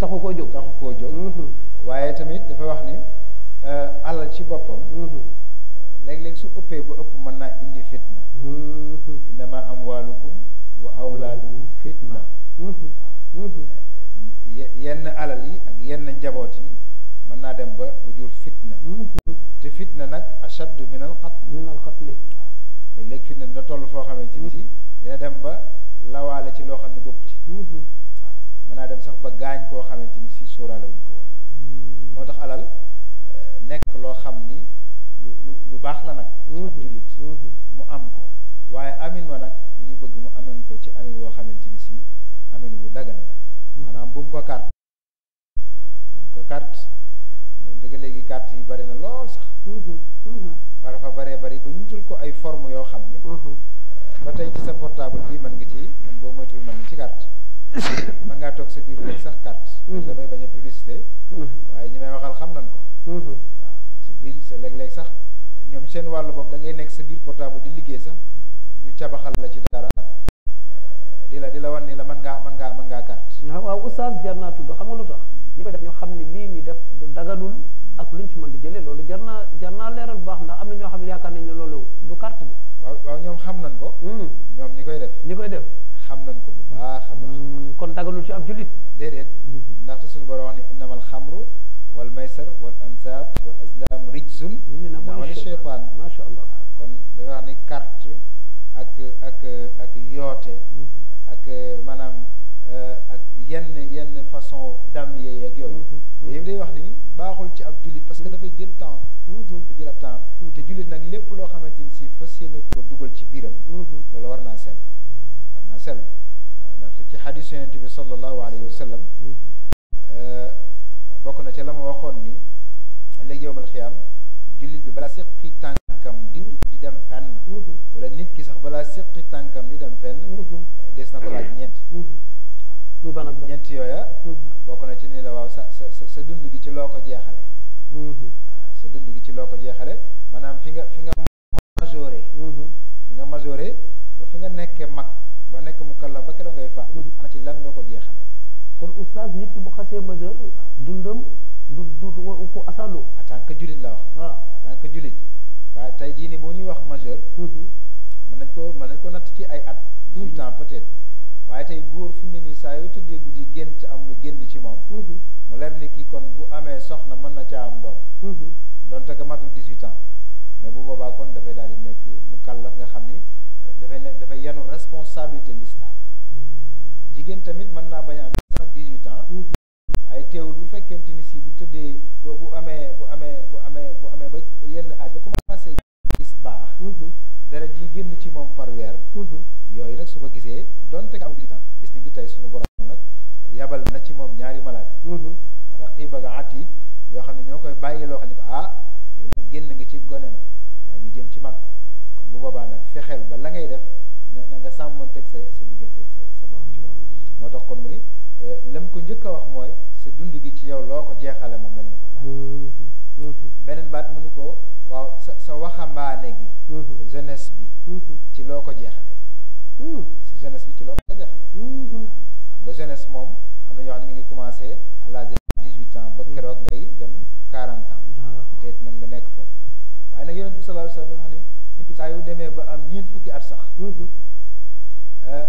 taxu koo jóg taxu koo jóg mm-hmm. waaye tamit dafa wax ni euh, alal ci boppam mm-hmm. léeg-léeg su ëppee bu ëpp mën naa indi fitna mm-hmm. am amwaalukum wa awlaadukum fitna yenn alal yi ak yenn njaboot yi mën naa dem ba bu jur fitna te fitna nag ashaddu min al qatl min al qatl léeg fitna dina toll foo xamante ni si dina dem ba lawaale ci loo xam ne bokku ci mën naa dem sax ba gaañ koo xamante ni si sóoraale wuñ ko woon mm. moo tax alal euh, nekk loo xam ni lu lu baax la nag ci ab mm-hmm. jullit mm-hmm. mu am ko waaye amin ma nag lu ñu bëgg mu amin ko ci amin woo xamante ni si amin wu dagan la mm-hmm. maanaam bu mu ko carte bu mu ko carte dëgg léegi carte yi bari na lool sax bara fa baree bari ba ñutul ko ay forme yoo xam ni euh, ba tey ci sa portable bii mën ngi ci mën boo moytuwul mën nga ci carte mën ngaa toog sa biir nekk sax kat damay bañ a publicité waaye ñi may waxal xam nan ko waaw sa biir sa léeg-léeg sax ñoom seen wàllu bopp da ngay nekk sa biir portable di liggéey sax ñu cabaxal la ci dara di la di la wan ni la mën ngaa mën ngaa mën ngaa ya kat waaw oustaz jar naa tudd xam nga lu ñi koy def ñoo xam ne lii ñuy def du daganul ak luñ ci mën di jëlee loolu jar naa jar naa leeral bu baax ndax am na ñoo xam ne yaakaar nañ ne loolu du carte bi waaw waaw xam nan ko ñoom hmm. ñi koy def ñi koy def xam nañ ko bu baax a baax kon daganul ci ab jullit déedéet ndaxte suñu borom wax ne innamal xamru wal maysar wal ansaab wal azlam rijsun amali cheytaan macha allah kon dafa wax ni carte ak ak ak yoote ak maanaam ak yenn yenn façon dam yeeg yooyu yëpp day wax ni baaxul ci ab jullit parce que dafay jël temps sallallahu alayhi wa sallam eh, bokk na ca la ma waxoon ni léegi yowmal xiyaam jullit bi di di dem fenn wala nit ki sax balaa séqi tànkam di dem fenn des na ko laaj ñeent ñeent yooya bokk na ci ni la waaw sa sa sa dund gi ci loo ko jeexale sa dund gi ci fi nga fi nga majoré fi nga majoré ba fi nga ba nekk mu kallaf ba keroog ay faat mm-hmm. ana ci lan nga ko jeexale kon oustaz nit ki bu xasee majeur dundam du du ko asalu en tant que julit la wax waaw en tant que julit jii nii bu ñuy wax majeur mm-hmm. mën nañ ko mën nañ ko ci ay at dix mm-hmm. peut-être waaye tey góor fi mu ne nii saa yu tëddee guddi gént am lu génn ci moom mu leer ni kii kon bu amee soxna mën na caa am doom donte que matul dix-huit ans mais bu boobaa kon dafay daal di nekk mu kallaf nga xam ni dafay nekk dafay yenu responsabilité l'islam jigéen tamit mën naa bañ a am sax dix-huit ans waaye teewul bu fekkente ni si bu tëddee bu amee bu amee bu amee bu amee ba yenn âge ba commencé gis baax dara ji génn ci moom par weer yooyu nag su ko gisee donte am gis ni ngi tey suñu borom nag yabal na ci moom ñaari malaaka raqiba ak atiid yoo xam ne ñoo koy bàyyi loo xam ne ko ah yow nag génn nga ci gone na yaa ngi jëm ci mag bu boobaa nag fexeel ba la ngay def na nga sàmmanteeg sa sa digganteeg sa sa borom ci loolu moo tax kon mu ni euh, lam ko njëkk a wax mooy sa dund gi ci yow loo ko jeexale moom lañ la koy laaj mm-hmm. Mm-hmm. beneen baat mu ni ko waaw sa sa waxambaane gi mm-hmm. mm. sa jeunesse bi ci loo ko jeexale sa jeunesse bi ci loo ko jeexale xam nga jeunesse moom am na yoo xam ne mi ngi commencé à l'âge de dix-huit ans ba keroog ngay dem quarante ans ah, peut-être nga nekk foofu waaye nag yonent bi sallallahu alayhi wa sallam wax ni nit saa yu demee ba am ñeent fukki at sax mm-hmm. euh,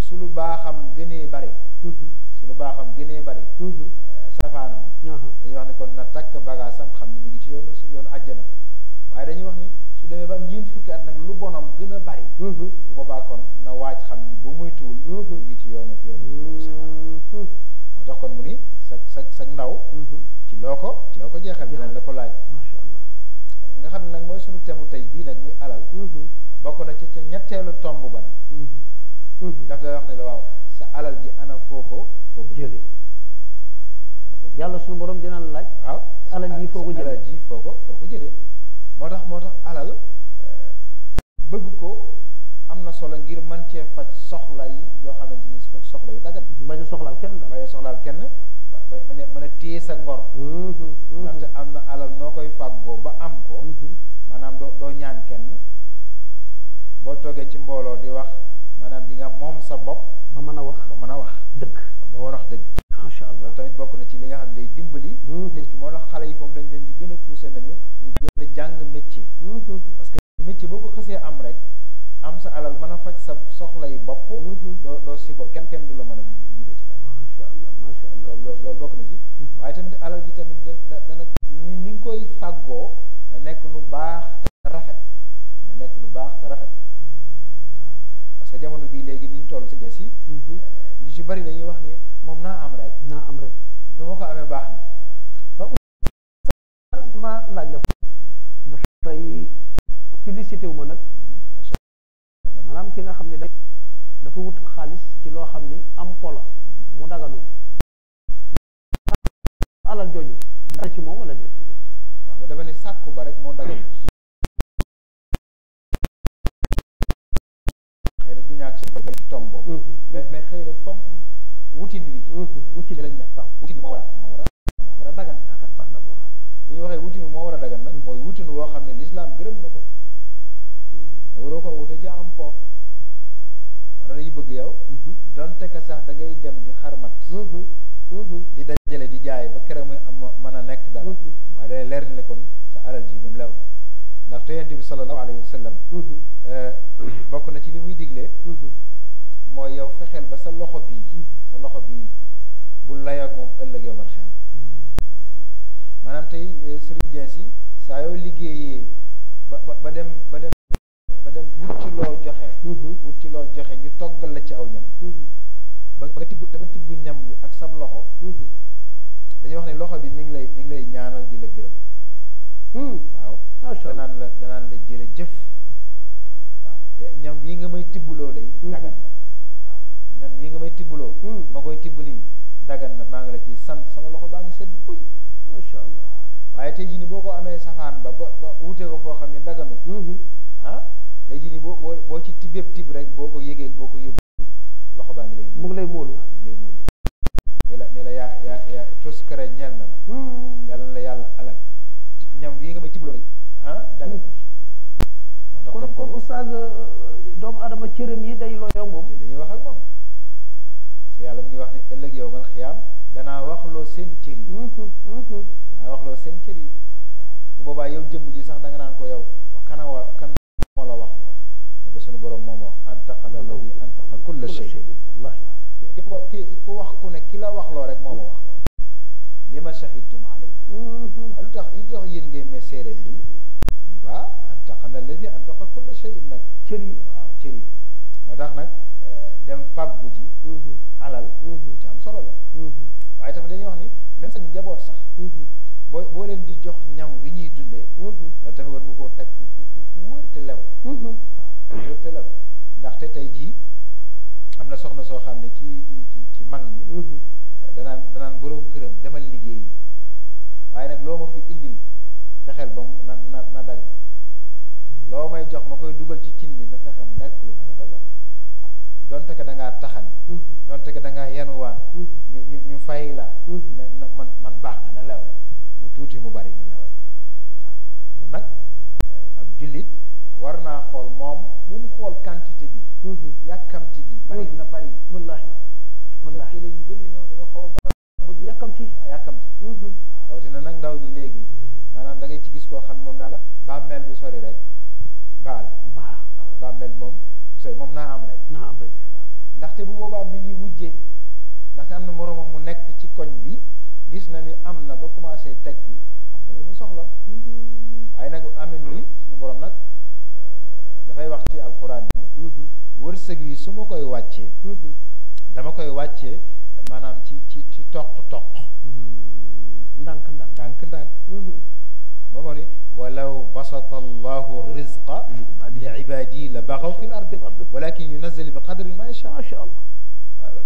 su lu baaxam gënee bari mm-hmm. su lu baaxam gënee bari mm-hmm. euh, safaanam uh-huh. dañuy wax ne kon na takk bagaasam xam ne mi ngi ci yoonu yoonu àjjana waaye dañuy wax ni su demee ba am ñeent fukki at nag lu bon am gën a bari bu boobaa kon na waaj xam ni bu muy tuul mi ngi ci yoonu yoonu safaanam moo tax kon mu ni sa sa sa ndaw ci loo ko ci loo ko jeexal dinañ la ko laaj nga xam ne nag mooy sunu temu tey bii nag muy alal mm-hmm. bokk na ci ca ñetteelu tomb ba nag mm-hmm. mm-hmm. daf lay wax ne la waaw sa alal ji ana foo ko foo ko jële yàlla sunu boroom dina laaj waaw alal ji foo ko ji foo ko foo ko jëlee moo tax moo tax alal euh, bëgg ko am na solo ngir mën cee faj soxla yi yoo xamante ni soxla yu dagat bañ a soxlaal kenn bañ a soxlaal kenn ba mën a téye sa ngor mm-hmm. ndaxte am na alal noo koy fàggoo ba am ko mm-hmm. maanaam doo doo ñaan kenn boo toogee ci mbooloo di wax maanaam di nga moom sa bopp ba mën a wax ba mën a wax dëgg ba mën a wax dëgg macha allah loolu tamit bokk na ci li nga xam ne day dimbali mm-hmm. nit moo tax xale yi foofu dañ leen di gën a poussé nañu ñu gën a jàng métier parce que métier boo ko xësee am rek am sa alal mën a faj sa soxla yi bopp doo doo si bopp kenn kenn du la mën a jiite ci la macha allah macha allah loolu loolu bokk na ci waaye tamit alal ji tamit da dana ni ngi koy fàggoo nekk lu baax te rafet na nekk lu baax te rafet waaw parce que jamono bii léegi ni ñu toll sa ges yi ñu ci bari dañuy wax ni moom naa am rek naa am rek nu ma ko amee baax na ma laaj la dafay publicité wu ma nag maanaam ki nga xam ne dafa wut xaalis ci loo xam ni am polo mu daganul alal jooju dara ci moom wala déet waaw nga dafa ne sàkku ba rek moo daganul xëy na du ñàkk si tom boobu mm-hmm. mais xëy na fom wutin wi mm-hmm. wutin lañ a moo war a moo war a dagan dagan par d'abord bu ñu waxee wutin moo war a dagan nag mm-hmm. mooy wutin woo xam ne l'islam gërëm na ko waroo ko wute ci am wala dañuy bëgg yow mm-hmm. donte que sax da ngay dem di xarmat mm-hmm. Mm-hmm. di dajale di jaay ba kere muy am mën a nekk dara waaye day leer ni la kon sa alal ji moom lew na ndax Yonent bi sallallahu eh, bokk na ci li muy digle mooy yow fexeel ba sa loxo bii sa loxo bii bu layoog moom ëllëg yow man xeam tey eh, Serigne Dieng si saa yoo liggéeyee ba ba dem ba dem ba dem wut loolu wut mm-hmm. ci loo joxe ñu toggal la ci aw ñam mm-hmm. ba ba tibb ba tibb ñam bi ak sam loxo mm-hmm. dañuy wax ne loxo bi mi ngi lay mi ngi lay ñaanal di la gërëm mm. waaw danaan la danaan la jërëjëf waaw ñam yi nga may tibulo day dagan nyam waaw nga may tibulo mm. ma koy tibb nii dagan na maa ngi la sant sama loxo bangi ngi sedd buy macha allah waaye tey jii ni boo ko amee ba ba ko daganu ah tey jii nii boo boo boo ci tibeeb tib rek boo ko yëgee boo ko loxo baa ngi lay lay móolu lay móolu la ne la yaa yaa yaa na la hmm. la yàlla alal yi nga may tibloo ah danga kon kon oustaz euh, doomu adama cërëm yi day looyoo moom dañuy wax ak yàlla mu ngi wax ne ëllëg yow mal xiyaam danaa waxloo seen cër yi hmm, hmm, seen cër yi bu boobaa yow jëmm ji sax danga nga naan ko yow kana wa kan ولا واحد نقصنا برا ماما انتقل الذي انتقل كل شيء والله يبقى كي وحكونا كلا لو رك ماما وحلا لما شهدتم علينا قالوا تخ يدخ ينجي مسيرة لي يبقى انتقل الذي انتقل كل شيء انك تري تري ما دخنا dem faggu ji alal ci am solo la waaye tamit dañuy wax ni même sa njaboot sax boo boo leen di jox ñam wi ñuy dundee loolu tamit war nga koo teg bu wër te lew mm-hmm. waaw te lew ndaxte tey jii am na soxna soo xam ne ci ci ci mag ñi mm-hmm. eh, danaan danaan borom këram demal liggéey yi waaye nag loo ma fi indil fexeel ba mu na na na dagal loo may jox ma koy dugal ci cin bi na fexe mu nekk lu dagal donte que da ngaa taxan mm-hmm. donte que da ngaa ñu ñu ñu fay la ne na man baax na na lew mu tuuti mu bari na lew waaw nag jullit war naa xool moom bu mu xool quantité bi mm-hmm. yàkkamti gi bari na mm-hmm. bari wallahi wallahi léegi ñëw dañoo xaw a bëgg yàkkamti yàkkamti mm-hmm. rawatina nag ndaw ñi léegi maanaam da ngay ci gis koo xam ne moom daal bàmmeel bu sori rek baa la bàmmeel moom bu sori moom naa am rek ndaxte bu boobaa mi ngi wujje ndaxte am na moroomam mu nekk ci koñ bi gis na ni am na ba commencé tekki dañu soxla waaye nag amen bi suñu borom nag dafay wax ci alxuraan ni wërsëg yi su ma koy wàccee dama koy wàccee maanaam ci ci ci toq toq ndànk ndànk ndànk ndànk ba moo ni walaw basata allahu rizqa li ibadi la baxaw fi l ardi walakin yunazzil bi qadri ma yasha ma sha allah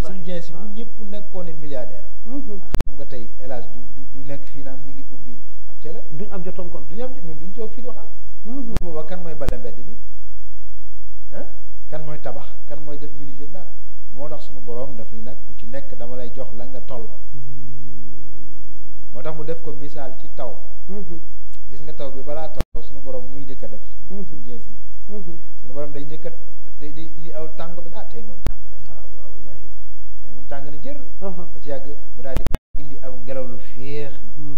suñ jeen si bu ñëpp nekkoon milliardaire xam nga tey hélas du du nekk fii naan mi ngi ubbi ci la duñ am jotam kon duñ am ñun duñ toog fii di waxal bu boobaa kan mooy bale mbedd mi ah kan mooy tabax kan mooy def menuisier naan moo tax suñu boroom daf ni nag ku ci nekk dama lay jox la nga toll moo mu def ko misaal ci taw gis nga taw bi balaa taw suñu borom muy njëkk a def suñu jees yi suñu borom day njëkk a day day ni aw tàng bi ah tey moom tàng na tey moom tàng na jër ci yàgg mu daal indi aw ngelaw lu féex na mhm.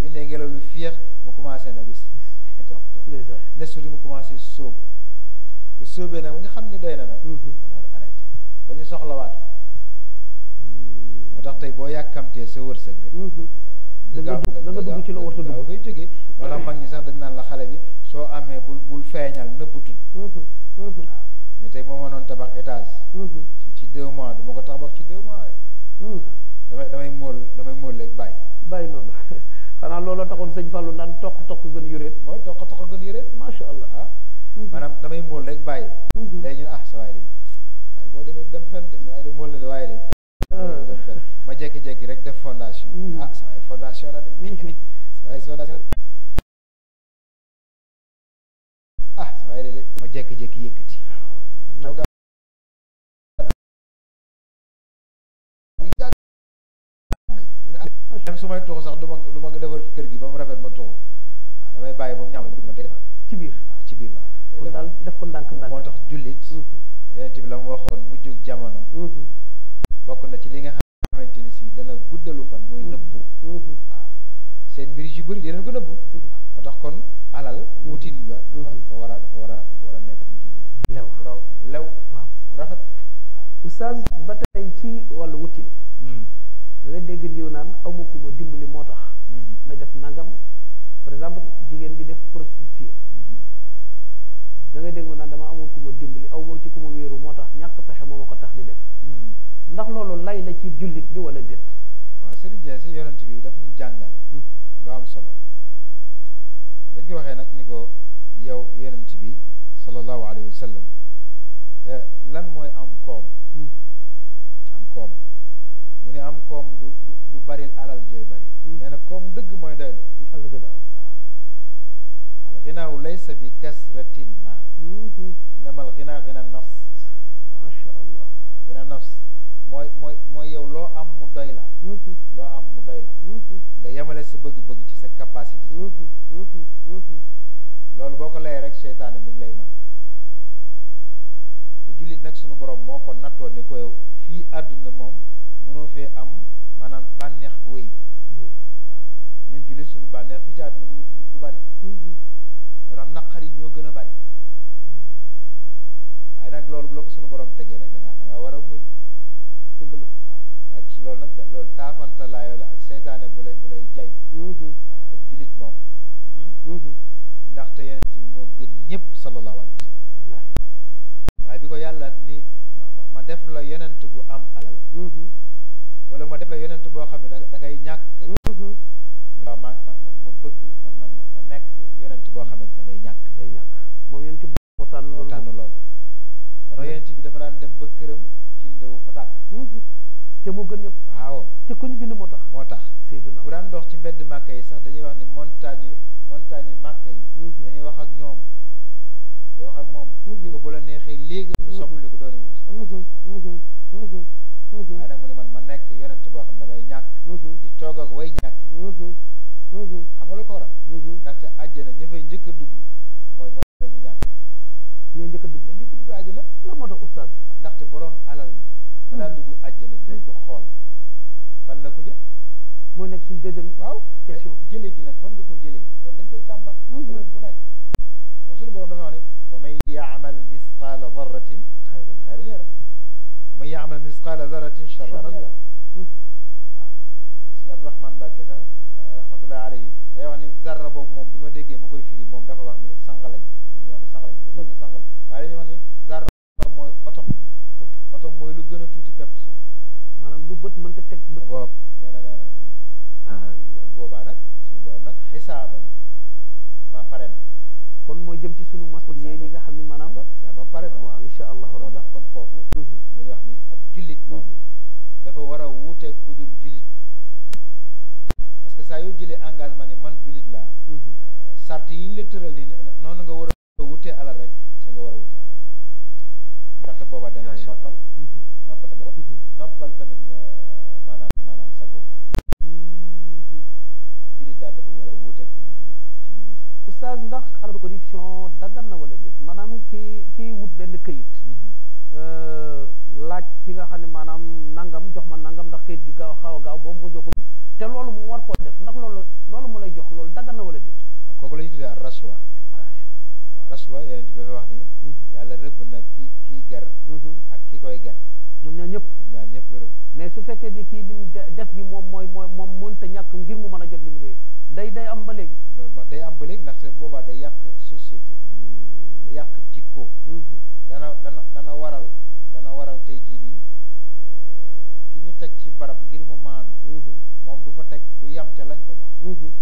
su indee ngelaw lu féex mu commencé nag toog toog ne suri mu commencé sóob bu sóobee nag bu ñu xam ni doy na nag mm-hmm. ba ñu soxlawaat ko mm. moo tax tey boo yàkkamtee sa wërsëg rek mm-hmm. euh, da nga dugg ci la warta dugg fay jógee moo tax mag ñi sax dañ naan la xale bi soo amee bul bul feeñal nëbbutul mm-hmm. waaw mais tey boo mënoon tabax étage ci deux mois du ma ko tabax ci deux mois rek mm. damay damay mool damay mool léegi bàyyi bàyyi noonu xanaa looloo taxoon sëñ Fallou naan toq toq gën yuréet moo toq toq gën yuréet macha allah ah. mhm. maanaam damay móol rek bàyyi mhm. léegi ñu ah sa waaye boo demee dem de waay ah. ma jekki rek def fondation mhm. ah sa waay fondation de sa waay fondation la de sa waay ah, de ma jekki-jekki yëkkati même su may tuux sax du ma du ma defar kër gi ba mu rafet ma tuux waaw ah, damay bàyyi ba mu ñaaw la ma koy defar ci biir waaw ah, ci biir waaw. daal def ko ndànk ndànk moo tax jullit. Mm-hmm. yeneen bi la mu waxoon mujjug jamono. Mm-hmm. bokk na ci li nga xamante ne si dana guddalu fan mooy mm-hmm. nëbbu. waaw ah, seen mbir yu bëri dinañ ko nëbbu. moo tax kon alal wutin ba. dafa war a dafa war a war a nekk wutin lew lew rafet. oustaz ba tey ci wàllu wutin. Hmm. da ngay dégg amu ku ma dimbali moo tax mm-hmm. may def nagam par exemple jigéen bi def prostituée mm-hmm. da ngay dégg mu naan dama amul ku ma dimbali aw ci ku ma wéeru moo tax ñàkk pexe moo ma ko tax di def mm-hmm. ndax loolu lay la ci jullit bi wala déet waaw sëriñ Dieng si yonent bi dafa ñu jàngal lu am solo dañ ko waxee nag ni ko yow yonent bi sallallahu alayhi wa sallam eh, lan mooy am koom am koom mu ne am koom du du bari alal joy bari hmm. nee na koom dëgg mooy doylu alginaaw waaw alginaaw laysa bi kasratil maal hmm. al alginaa gina nafs macha allah gina nafs mooy mooy mooy yow loo am mu doy la hmm. loo am mu doy la nga yemale sa bëgg-bëgg ci sa capacité ci loolu boo ko layee rek seytaane mi ngi lay man te julit nag sunu borom moo ko nattoo ni ko yow fii àdduna moom mënoo fee am maanaam bànneex bu wéy waaw ñun jullit suñu bànneex fi ci àdduna bu du bari mm-hmm. moo tax naqar yi ñoo gën a bari mm-hmm. waaye nag loolu bu la ko suñu borom tegee nag danga da nga war a muñ dëgg la waaw ak su loolu nag da loolu taafanta laayoo la ak seytaane bu lay bu lay jay mm-hmm. waaye ak jullit moom ndaxte yonent bi moo gën ñëpp sallallahu alayhi wa sallam waaye bi ko yàlla ni ma def la yonent bu am alal wala ma def la yonent boo xam ne da ngay ñàkk. waaw mm-hmm. ma ma ma bëgg man man ma nekk yonent boo xam ne damay ñàkk. day ñàkk moom yonent bi moo tànn loolu moo tànn loolu. wala bi dafa daan dem ba këram ci ndaw fa tàkk. Mm-hmm. te moo gën ñëpp. waaw te ku ñu bind moo tax. moo tax Seydina bu daan dox ci mbedd Màkka yi sax dañuy wax ni montagne montagne Màkka yi. Mm-hmm. dañuy wax ak ñoom. day wax ak moom. ni ko bu neexee léegi nu soppali ko doon wurus. waaye nag mu ne man. suñ deuxième waaw question jëlee gi nag fan nga ko jëlee loolu dañ koy càmbar béréb bu nekk a suñu borom dafa wax ne wa man yaamal misqaala darratin xayran yara wa man yaamal misqaala darratin charran yara waaw suñu Abdourahmane Mbacke sax rahmatullahi alayhi day wax ni zarra boobu moom bi ma déggee mu koy firi moom dafa wax ni sangalañ ñu wax ni sangalañ lu toll ni sangal waaye dañuy wax ni zarra mooy otom otom mooy lu gën a tuuti pepp suuf maanaam lu bët mënta teg bët nee na nee na Ah. boobaa nag suñu borom nag xisaabam ma pare na kon moo jëm ci sunu mas'uliye ñi nga xam ni maanaam ba pare na waaw incha allah moo tax kon foofu mm-hmm. dañuy wax ni ab jullit moom mm-hmm. dafa war a wuuteeg ku dul parce que saa yoo jëlee engagement ni man jullit laa sart mm-hmm. eh, yi ñu la tëral nga war a wutee alal rek sa nga war a wutee alal ndaxte boobaa dana noppal noppal sa njaboot noppal tamit nga eh, maanaam maanaam sa gox Sénégal dafa war a wuuteeg ci ni ñuy sàkk oustaz ndax alal corruption daggana na wala déet maanaam kii kii wut benn këyit mhm. euh, laaj ki nga xam ne maanaam nangam jox ma nangam ndax këyit gi gaaw xaw a gaaw boo ma ko joxul te loolu mu war koo def ndax loolu loolu mu lay jox loolu daggana na wala déet ah, kooku la ñuy tuddee rasuwa waaw rasuwa yeneen bi dafa wax ni mhm. yàlla rëbb na ki kii ger mhm. ak ki koy ger ñoom ñaar ñëpp ñaar ñëpp la rëbb mais su fekkee ni kii lim def gi moom mooy mooy moom mënta ñàkk ngir mu mën a jot day day am ba léegi loolu day am ba léegi boobaa day yàq société day yàq jikko mm-hmm. dana dana dana waral dana waral tey jii nii euh, ki ñu teg ci barab ngir mu maandu mm-hmm. moom du fa teg du yam ca lañ ko jox mm-hmm.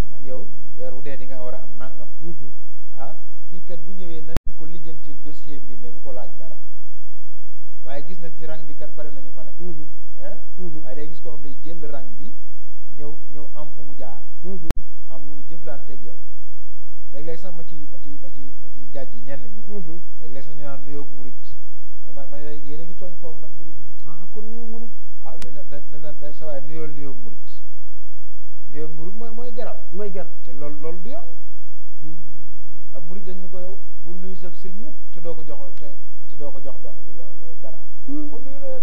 maanaam yow weer wu dee di nga war a am nangam ah kii kat bu ñëwee nañ ko lijjantil dossier bi mais bu ko laaj dara waaye gis na ci rang bi kat bari nañu fa nekk eh? waaye day gis koo xam day jël rang bi ñëw ñëw am fu mu jaar mm-hmm. am lu laa jëflanteeg yow léeg-léeg sax ma ci ma ci ma ci ma ci jàjji ñenn ñi mm-hmm. léeg-léeg sax ñu naan nuyoo murit man man yéen a ngi tooñ foofu nag murit yi ah kon nuyoo murit ah danaan da sawaay nuyool nuyoo murit nuyoo murit mooy mooy garab mooy garab te lool loolu du yoon mm-hmm. ak murit dañu ko yow bul nuyu sa sëñ mukk te doo ko jox te te doo ko jox dara kon nuyu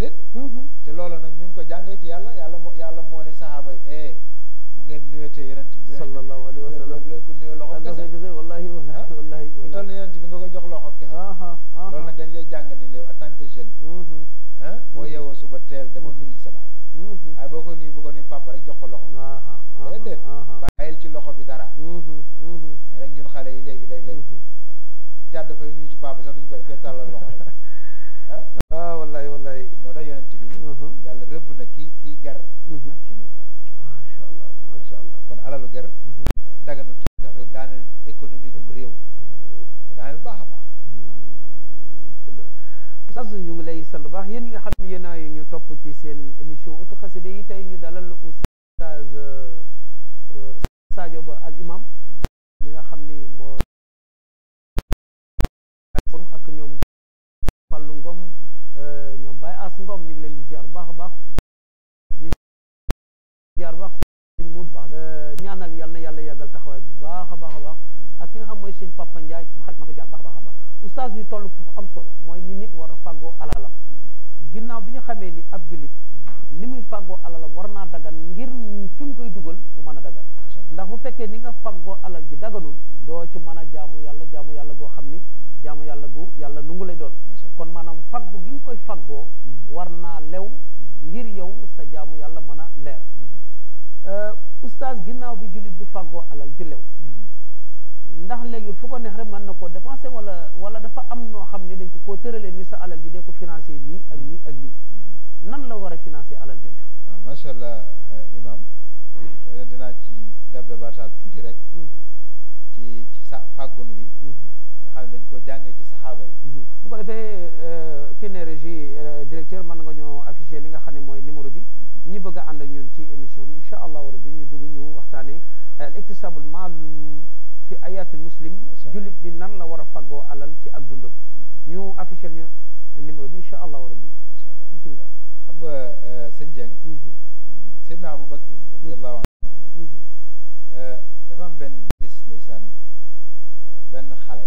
déet mm-hmm. te loolu nag ñu ngi ko jàngee ci yàlla yàlla moo yàlla moo ne saxaaba yi eh bu ngeen nuyetee yonent bi sallallahu alayhi wa sallam bu leen ko nuyoo loxo kese wallahi wallahi wallahi lu toll ni yonent bi nga ko jox loxo kese loolu nag dañ lay jàngal ni léew ma mhm. ak ki ni ger macha allah macha allah kon alalu ger mhm. daganul te dafay daaneel économique um réew dafay daaneel baax a baax mhm. sas ñu ngi lay sant baax yéen ñi nga xam ne a ñu topp ci seen émission utu xasida yi tey ñu dalal sëñ Papa Ndiaye xaj ma ko jaar baax baax a baax oustaz ñu toll foofu am solo mooy ni nit war a fàggoo alalam ginnaaw bi ñu xamee ni ab jullit ni muy fàggoo alalam war naa daggan ngir fi mu koy dugal mu mën a dagan ndax bu fekkee ni nga fàggoo alal ji daganul doo ci mën a jaamu yàlla jaamu yàlla goo xam ni jaamu yàlla gu yàlla nungu lay doon kon maanaam faggu gi nga koy faggoo hmm. war naa lew ngir yow sa jaamu yàlla mën a leer hmm. euh, oustaz ginnaaw bi jullit bi faggoo alal ju lew hmm. ndax léegi fu ko neex rek mën na ko dépenser wala wala dafa am noo xam ne dañ ko koo tëralee nii sa alal ji de ko financé nii ak nii ak nii hmm. nan la war a financé alal jooju. waaw ah, macha allah eh, imam xëy na dinaa ci dab tuuti rek. Hmm. ci ci sa fàggun wi. Hmm. nga ne dañ koo jàngee ci saxaaba yi. bu ko defee eh, kii ne régie eh, directeur mën nga ñoo affiché li nga xam ne mooy numéro bi. ñi bëgg a ànd ak ñun ci émission bi incha allah rabbi ñu dugg ñu waxtaanee al iktisabul maal. fi ayatul muslim jullit bi nan la war a faggoo alal ci ak dundam ñu affiché ñu numéro bi incha allahu rabbi bismillah xam nga sëñ Dieng Seydina Abu Bakr radiyallahu anhu dafa am benn bis ndeysaan ben xale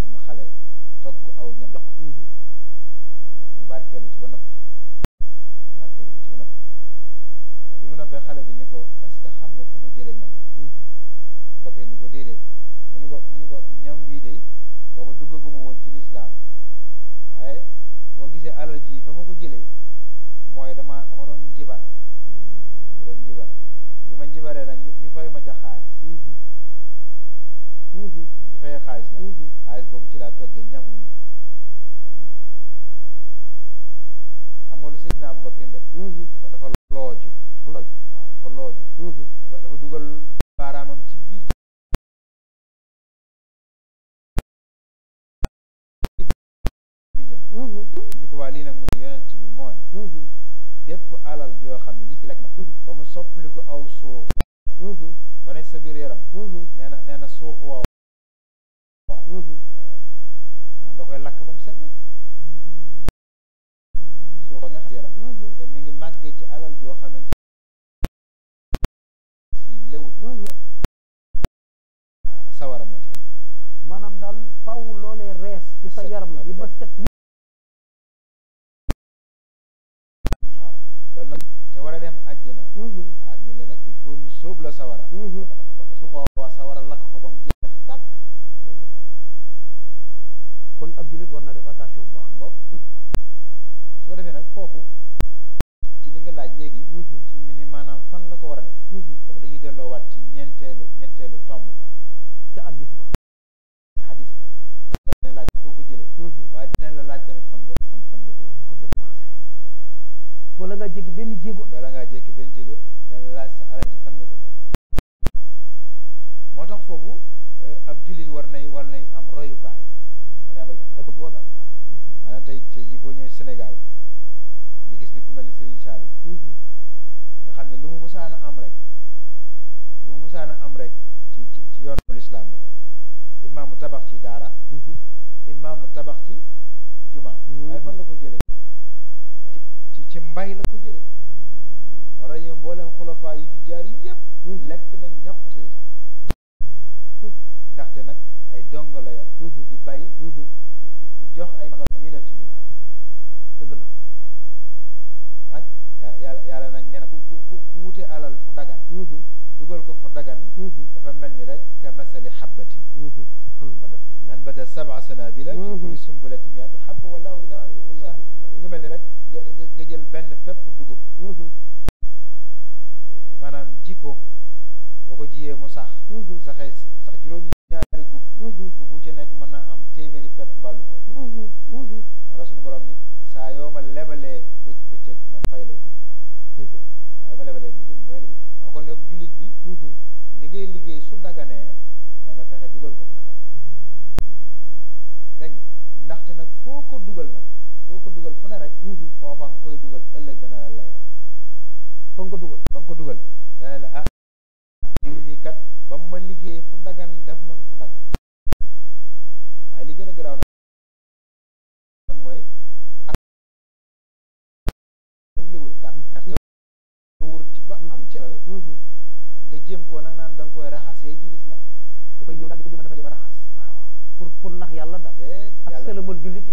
ben xale togg aw ñam jox ko mu barkeelu ci ba noppi mu barkeelu ci ba noppi bi mu noppee xale bi ni est-ce que xam nga fu ma jëlee ñam Bakari ni ko déedéet mu ne ko mu ne ko ñam wii de booba duggaguma woon ci lislaam waaye boo gisee alal ji fa ma ko jëlee mooy dama dama doon njibar hmm. dama bi ma njibaree nag ñu fay ma ca xaalis hmm. Hmm. ñu fay xaalis nag xaalis boobu ci laa toggee ñam wi xam nga lu Seydina Abubakar def dafa dafa looju dafa looju xam ne nit ki lekk na ko mhm. ba mu soppaliku aw suux mhm. ba nekk sa biir yaram mhm. nee na nee na suux waaw eh, maanaam da koy lakk ba mu set bi suux nga xam yaram te mi ngi màggee ci alal joo xamante si lewut ah, sawara moo ci maanaam daal faw loolee rees ci sa yaram bi ba set la sawara mhm. su xoowaa sawara lakk ko ba takk jeex tàkk kon ab jullit war na def attention bu baax bo su ko defee nag foofu ci li nga laaj léegi mhm. ci mi ni maanaam fan la ko war a def mhm. foofu dañuy delloowaat ci ñenteelu tomb ba ca addis ba xadis ba dina laaj foo ko jëlee waaye dina la laaj tamit fan nga fan nga ko dépensé benn jéego wala ngaa jékki benn jéego dina laaj sa alal ji boobu eh, ab jullit war nay war nay am royukaay war nay am ko boo daal tey tey boo ñëwee Sénégal nga gis ni ku mel ni Serigne Saliou mm-hmm. nga xam ne lu mu musaana am rek lu mu musaana am rek ci ci ci yoonu lislaam la koy def tabax ci daara mm-hmm. imaamu tabax ci juma mm-hmm. waaye fan la ko jëlee ci ci mbay la ko jëlee wala ñu mboolem xulafaa yi fi jaar yëpp lekk nañ ñàkku Serigne Saliou ndaxte nag ay dongo la yor mm-hmm. di bay mm-hmm. di jox ay magam ñuy def ci jumaa dëgg la nag yàlla yàlla nag nee na ku ku ku wute alal fu dagan mm-hmm. dugal ko fu dagan dafa mel ni rek ka ba masali xabbatin anbata sab'a sanabila fi kulli sumbulatin mi'atu xabba wallahu nga mel ni rek nga nga jël benn pepp dugub maanaam ji ko boo ko jiyee mu sax saxee mm-hmm. sax juróom-ñaari gub gub mm-hmm. bu ci nekk mën naa am téeméeri pepp mbaalu ko mm-hmm. wala suñu borom ni saa yoo ma lebalee ba bëccëg moom fay la gub bi saa yoo ma lebalee bëccëg moom fay la gub waaw kon nag jullit bi ni ngay liggéey su daganee na nga fexe dugal ko fu dagan dégg nag foo ko dugal nag foo ko dugal fu ne rek foofa nga koy dugal ëllëg dana la layoo fa nga ko dugal fa nga ko dugal dana la ah lii kat ba mu ma liggéey fu dagan def ma fu dagan waaye li gën a garaaw nag mooy ak mu ci ba ci mm-hmm. nga jéem koo nag naan da nga koy raxasee ci lislaam nax yàlla daal ak sëlamal jullit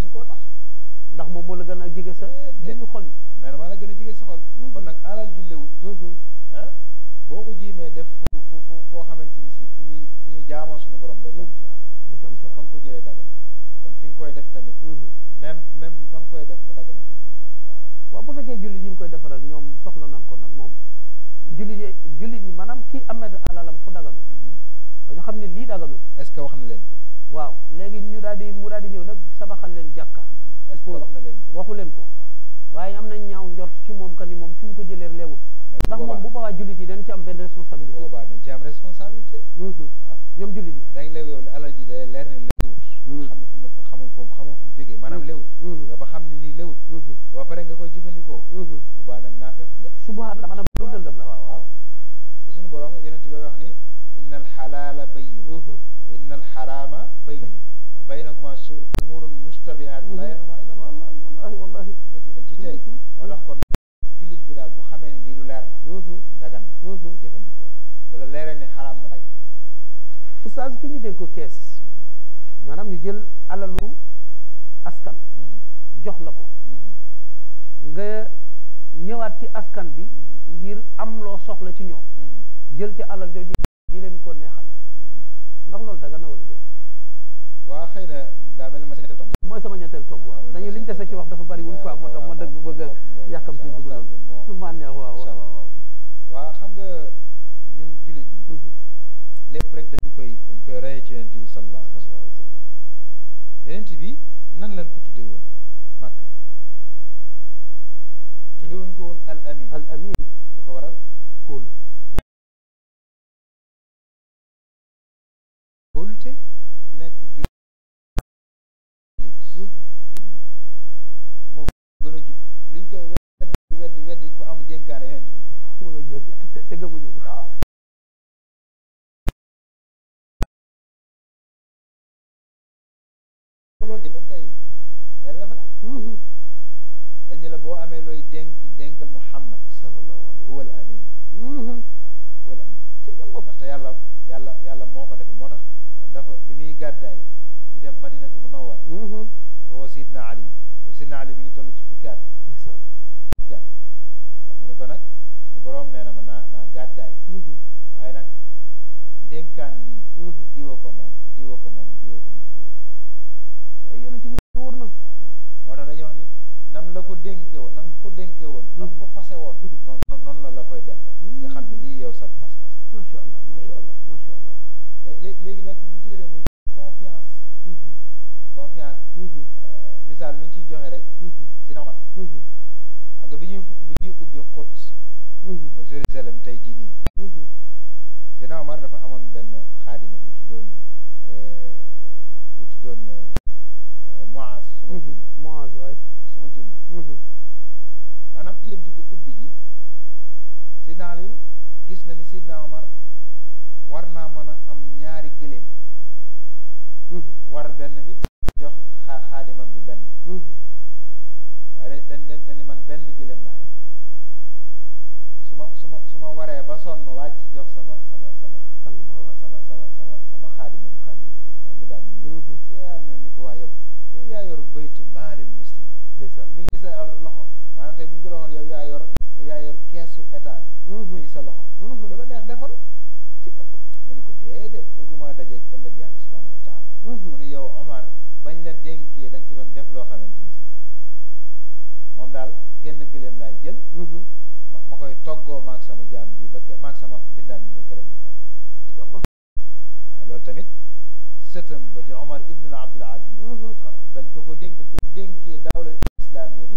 su ko nax ndax moom moo la gën a jege sa ñu xol yi nee na la gën a jege sa xol mm-hmm. kon nag alal jullewul mm-hmm. ah boo ko jiimee def fu fu foo xamante ni si fu ñuy fu ñuy jaamoo suñu borom doo jam tuyaaba parce que fa nga ko jëlee daganu kon fi nga koy def tamit mm-hmm. même même fa nga koy def bu dagane tamit bu fekkee jullit yi mu koy defaral ñoom soxla nan ko nag moom hmm? julli yi jullit yi maanaam kii amee alalam fu daganut hmm? ba ñu xam ne lii daganut est-ce que wax na leen ko waaw léegi ñu daal di mu daal di ñëw nag sabaxal leen jàkka hmm? est wax na leen ko waxu leen ko ah. waaye am nañ ñaaw njort ci moom que ni moom fi mu ko jëlee leewut ndax moom bu boobaa jullit yi dañ ci am benn responsabilité boobaa dañ ci am responsabilité waaw ñoom jullit yi da nga léegi yow alal ji day leer ne léwut xam ne fu mu ne xamul foofu xamul fu mu jógee maanaam léwut nga ba xam ne nii léwut ba pare nga koy jëfandikoo boobaa nag naa fekk nga subahaat la maanaam lu dëndam la waaw waaw parce que suñu borom yonent bi wax ni inna al xalaala bayin wa inna al xaraama bayin wa baynakuma umurun mustabihaat la yarma illa wallahi wallahi wallahi dañ ci tey moo tax kon dagan na mm-hmm. mm-hmm. jëfandikool wala leeree ne xaraam na rey oustaz ki ñu dénk ko kees maanaam ñu jël alalu askan mm-hmm. jox la ko nga ñëwaat ci askan bi ngir am loo soxla ci ñoom jël ci alal jooju di leen ko neexale ndax loolu daga na wala déet waa xëy na daa mel ni ma mooy sama ñetteel tomb waaw dañu liñ dese ci wax dafa bariwul quoi moo tax ma dëgg bëgg a yàkkamti dugg loolu maa neex waaw waaw waaw xam nga ñun jullit yi mhm. lépp rek dañu koy dañ koy reye ci yonent bi sallallahu alayhi wa sallam yonent bi nan lañ ko tudde woon Makka tudde woon ko woon al amin al amin lu ko waral kóolu la ci yàlla ndaxte yàlla moo ko defe moo tax dafa bi muy gàddaay ñu dem madinatu munawwar mm-hmm. woo Sidna Ali Sidna Ali mi ngi toll ci fukki at fukki at mu ne ko nag suñu boroom nee na ma naa naa gàddaay mm-hmm. waaye nag ndénkaan lii mm-hmm. diwa ko moom diwa ko moom diwa ko moom diwa ko moom nam la ko dénke woon nam ko dénke woon nam ko fase woon mm. noonu noonu la la koy delloo mm. nga xam ne lii yow sa pas-pas la macha allah macha allah macha allah léegi léegi nag bu ci defee muy confiance mm-hmm. confiance mm-hmm. Euh, misaal mi ñu ciy joxe rek mm-hmm. si na mat xam nga bi ñuy bi ñuy ubbi Quds mooy Jérusalem tey jii nii Seydina Omar dafa amoon benn xaadima bu tuddoon euh, bu tuddoon euh, Muaz suma jum Muaz waay su ma jumul maanaam ilim di ko ubbi ji Seydina Aliou gis na ni Seydina Omar war naa mën a am ñaari gëléem mhm. war benn bi jox xaa xaadimam bi benn mhm. waaye dañ dañ dañ man benn gëléem laay am su ma su ma su ma waree ba sonn wàcc jox sama sama sama sama sama sama sama xaadima bi xaadima bi moom mi daal mi yaar mhm. ne ni ko waa yow yow yaa yor baytu maalil muslimin mi ngi sa loxo maanaam tey bu ko doxoon yow yaa yor yow yaa keesu état bi mhm. mi ngi sa loxo mhm. lu la neex defal ci mu ni ko déedéet bëgguma dajeeg ëllëg yàlla subhanahu wa taala mhm. mu ni yow Omar bañ la dénkee da ci doon def loo xamante ni si moom daal génn gëléem laay jël ma ma koy toggoo maag sama jaam bi ba maag sama mbindaan bi ba keroog bi nekk ci waaye loolu tamit sëtam di Omar ibn Abdul Aziz bañ ko ko dénk ko dénkee daaw la İslamiyet.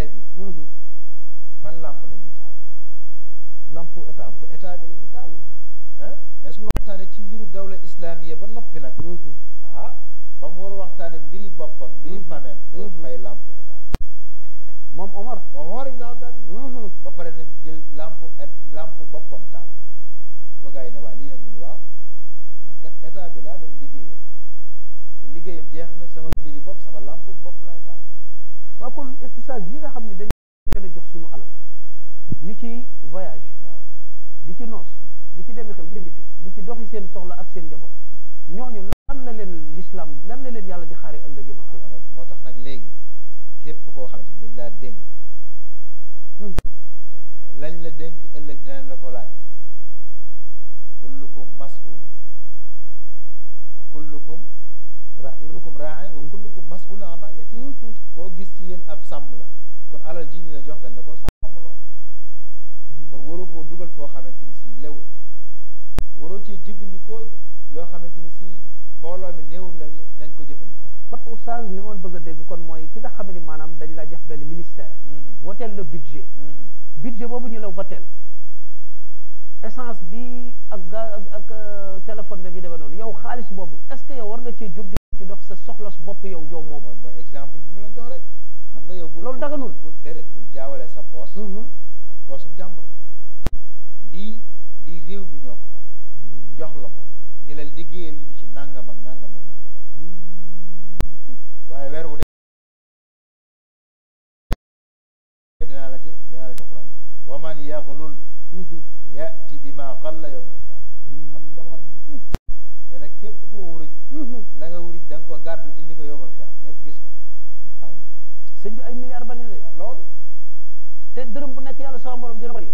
télé bi mhm. ban lamp la taal lampu état lampu état bi taal ci mbiru dawla ba mhm. ah war mbiri mhm. lampu état Omar Omar ibn Abdal ba lampu lampu taal ko man kat état bi doon sama mbiri bop sama lampu bop taal waaw kon ustaas ñi nga xam ne dañ leen a jox suñu alal ñu ci voyage di ci noos di ci demee xew di ci dem itti di ci doxi seen soxla ak seen njaboot ñooñu lan la leen lislaam lan la leen yàlla di xaare ëllëg yëmal xëy moo tax nag léegi képp koo xamante dañ laa dénk lañ la dénk ëllëg dinañ la ko laaj kullukum mas'ul wa kullukum raay kullukum raay wa kullukum mas'ulun an raayati koo gis ci yéen ab sàmm la kon alal ji ñu la jox dañ la ko sàmmloo kon waroo koo dugal foo xamante ni si lewut waroo ci jëfandikoo loo xamante ni si mbooloo mi néewul la nañ ko jëfandikoo kon oustaz li ma bëgg a dégg kon mooy ki nga xam ne maanaam dañ laa jox benn ministère woteel la budget budget boobu ñu la woteel essence bi ak ga ak téléphone bi ngi demee noonu yow xaalis boobu est-ce que yow war nga cee jóg ci dox sa soxlos bopp yow joo moom mooy mooy exemple bi mu la jox rek xam nga yow bu loolu daganul bu déedéet bu jaawale sa poos mhm. ak poosu jàmbur lii lii réew mi ñoo ko moom jox la ko ni la liggéeyal ñu ci nangam ak nangam ak nangam ak nangam waaye weer wu la ci dinaa la ci xuraan waman yaxulul mhm. yati bi qalla yowmal nee na képp ko wuruj mhm. la nga wuruj da nga ko gàddu indi ko yóbbal xiyam ñëpp gis ko xam ay milliards bari na ah, lool te dërëm bu nekk yàlla sama borom dina bari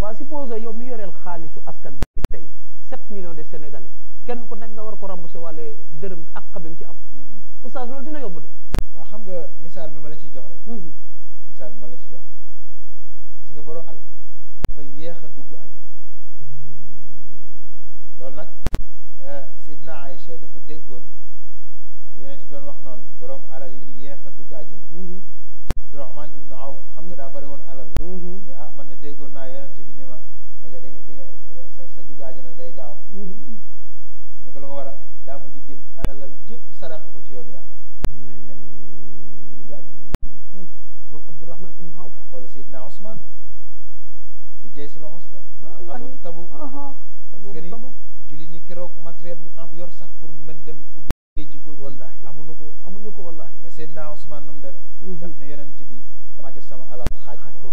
waa suppose yow mi xaalisu askan tey sept millions de sénégalais kenn ku nekk nga war ko remboursé wàlle dërëm ak xabim ci am mhm. oustaz loolu dina yóbbu de waaw xam nga misaal bi ma la ciy jox rek mhm. misaal bi ma la ciy jox gis nga borom al dafa yéex a dugg àjjana loolu nag Euh, Sidna Aïcha dafa déggoon euh, yeneen ci doon wax noonu borom alal yi yéex a dugg àjjana mm-hmm. Abdourahman ibnu Awf xam nga daa bari woon alal ñu mm-hmm. ah man na déggoon naa yonent bi ni ma da nga da nga sa sa dugg àjjana day gaaw ñu mm-hmm. ne ko la ko war a ko ci yoonu yàlla mu dugg àjjana hmm. moom Abdourahman ibnu Awf xool Sidna Ousmane fi jay si la xos la xam nga tabu nga jullit ñi keroog matériel bu am yor sax pour mën dem ubbee ji ko wallaahi amuñu ko amuñu ko wallaahi mais Seydina Ousmane nu mu def mhm. daf ne yonent bi damaa jël sama alal xaaj ko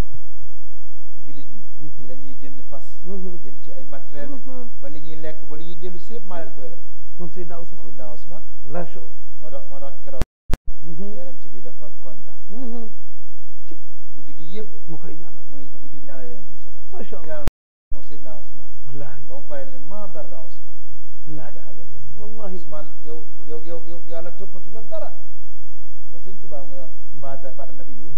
jullit ñi ñi mhm. dañuy jënd fas mhm. jënd ci ay matériel ba li ñuy lekk ba ñuy dellu si yëpp maa leen ko yoral moom Seydina Ousmane Seydina Ousmane la moo tax moo tax keroog yonent bi dafa kontaan ci guddi gi yëpp wallaahi ba mu paree ne maa darra Ousmane. wallaahi ba hada yow. wallaahi Ousmane yow yow yow yow yàlla toppatu la dara. waaw ma sëñ Tuubaa mu ne baata baata nabi yu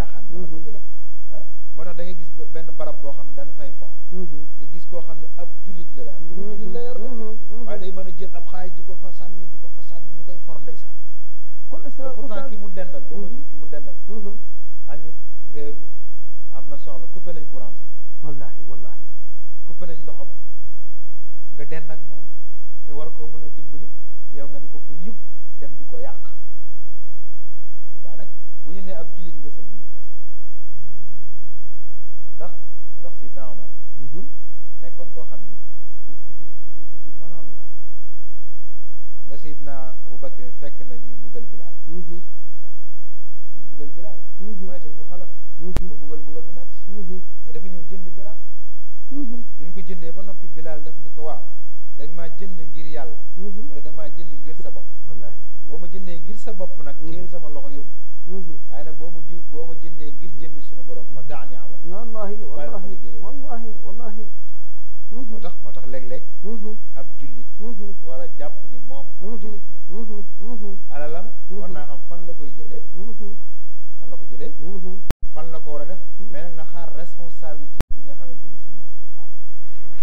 caaxaan dafa ko jëlem moo tax da ngay gis benn barab boo xam ne daan fay fo mhm. nga gis koo xam ne ab jullit la la pour jullit la yor mhm. Mhm. waaye day mën a jël ab xaalis di ko fa sànni di ko fa sànni ñu koy for ndeysaan kon est-ce que pourtant ki mu dendal boo matul ki mu dendal añu réer am na soxla coupé nañ courant sax wallahi wallahi coupé nañ ndoxam nga dend ak moom te war koo mën a dimbali yow nga ne ko fu ñukk dem di ko yàq bu nag bu ñu nee ab nga sa ndax ndax Seydina Omar mhm. nekkoon koo xam ni ku ku ci ku ci ku la xam nga Seydina Aboubacar fekk na ñuy mbugal Bilaal mhm. ndeysaan ñuy mbugal Bilaal mhm. waaye tamit mu xalaf ko mbugal mbugal bu metti mais dafa ñëw jënd Bilaal bi ñu ko jëndee ba noppi Bilaal daf ni ko waaw da nga maa jënd ngir yàlla wala da nga maa jënd ngir sa bopp boo ma jëndee ngir sa bopp nag teel sama loxo yóbbu Mm-hmm. waaye nag boo ma ju boo ma jëndee ngir jëmmi suñu borom fa daani amal wallahi wallahi wallahi wallahi moo tax moo tax léeg-léeg mm-hmm. ab jullit mm-hmm. war jàpp ni moom ab jullit fan la koy jëlee fan la ko jëlee fan la ko war a def mais nag na xaar responsabilité bi nga xamante ni si moom ci xaar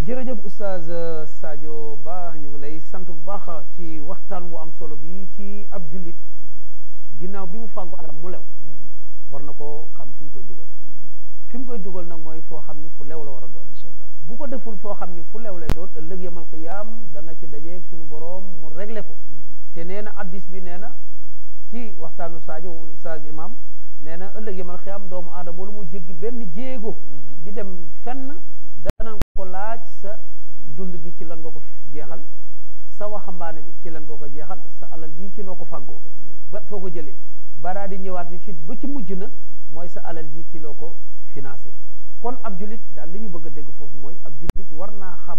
jërëjëf oustaz euh, Sadio Ba ñu lay sant bu baax ci waxtaan bu am solo bi ci ab jullit ginnaaw bi mu fàggu alalam mu lew hmm. war na koo xam fi koy dugal hmm. fi mu koy dugal nag mooy foo xam ni fu lew la war a doon bu ko deful foo xam ni fu lew lay doon ëllëg yamal qiyaam dana ci dajeeg suñu boroom mu réglé ko hmm. te nee na addis bi nee na ci waxtaanu Sadio Oustaz Imam nee na ëllëg yamal qiyaam doomu aadama lu mu jéggi benn jéego di dem fenn danañ ko laaj sa dund gi ci lan nga ko jeexal sa waxambaane bi ci lan ko ko jeexal sa alal ji ci noo ko faggoo ba foo ko jëlee baraa di ñëwaat ñu ci ba ci mujj na mooy sa alal ji ci loo ko financé kon ab jullit daal li ñu bëgg a dégg foofu mooy ab jullit war naa xam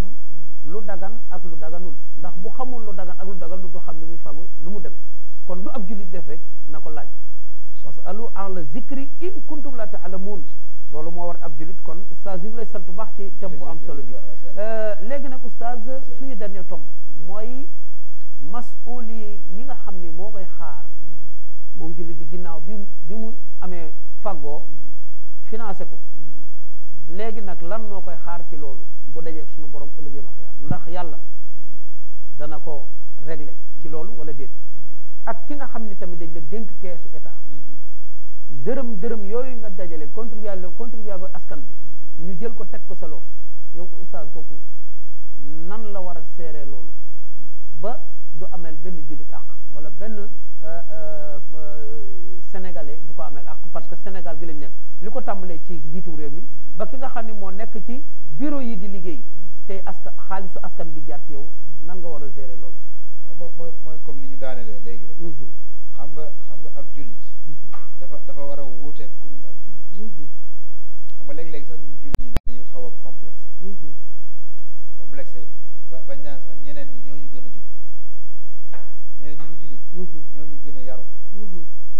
lu dagan ak lu daganul ndax bu xamul lu dagan ak lu daganul du xam li muy faggu lu mu demee kon lu ab jullit def rek na ko laaj parce que alu ala zikri in kuntum la taalamuun loolu moo war ab julit kon oustaz ñu ngi lay sant bu baax ci thème bu am solo bi euh, léegi nag oustaz suñu dernier tomb mooy mas masuli yi nga xam ni moo koy xaar moom jullit bi ginnaaw bi bi mu amee faggoo financé ko léegi nag lan moo koy xaar ci loolu bu dajee ak suñu borom ëllëg yam axyam ndax yàlla dana ko régler ci loolu wala déet ki nga xam ni tamit dañ la dénk keesu état mm-hmm. dërëm dërëm yooyu nga dajale contribuable contribuable askan bi ñu jël ko teg ko sa loos yow oustaz kooku nan la war a seeree loolu ba du amel benn jullit ak wala benn euh, euh, sénégalais du ko amel ak parce que Sénégal gi lañ nekk li ko tàmbalee ci njiitu réew mi ba ki nga xam ne moo nekk ci bureau yi di liggéey tey askan xaalisu askan bi jaar ci yow nan nga war a gérer loolu. mooy mooy comme ni ñu daanelee léegi rek. Mm-hmm. xam nga xam nga ab jullit mm-hmm. dafa dafa war a wuuteeg ku dul ab jullit mm-hmm. xam nga léeg-léeg sax ñun jullit ñi dañuy xaw a complexé mm-hmm. complexé ba bañ naan sax ñeneen ñi ñu gën a jub ñeneen ñu du jullit ñu gën a yaru xam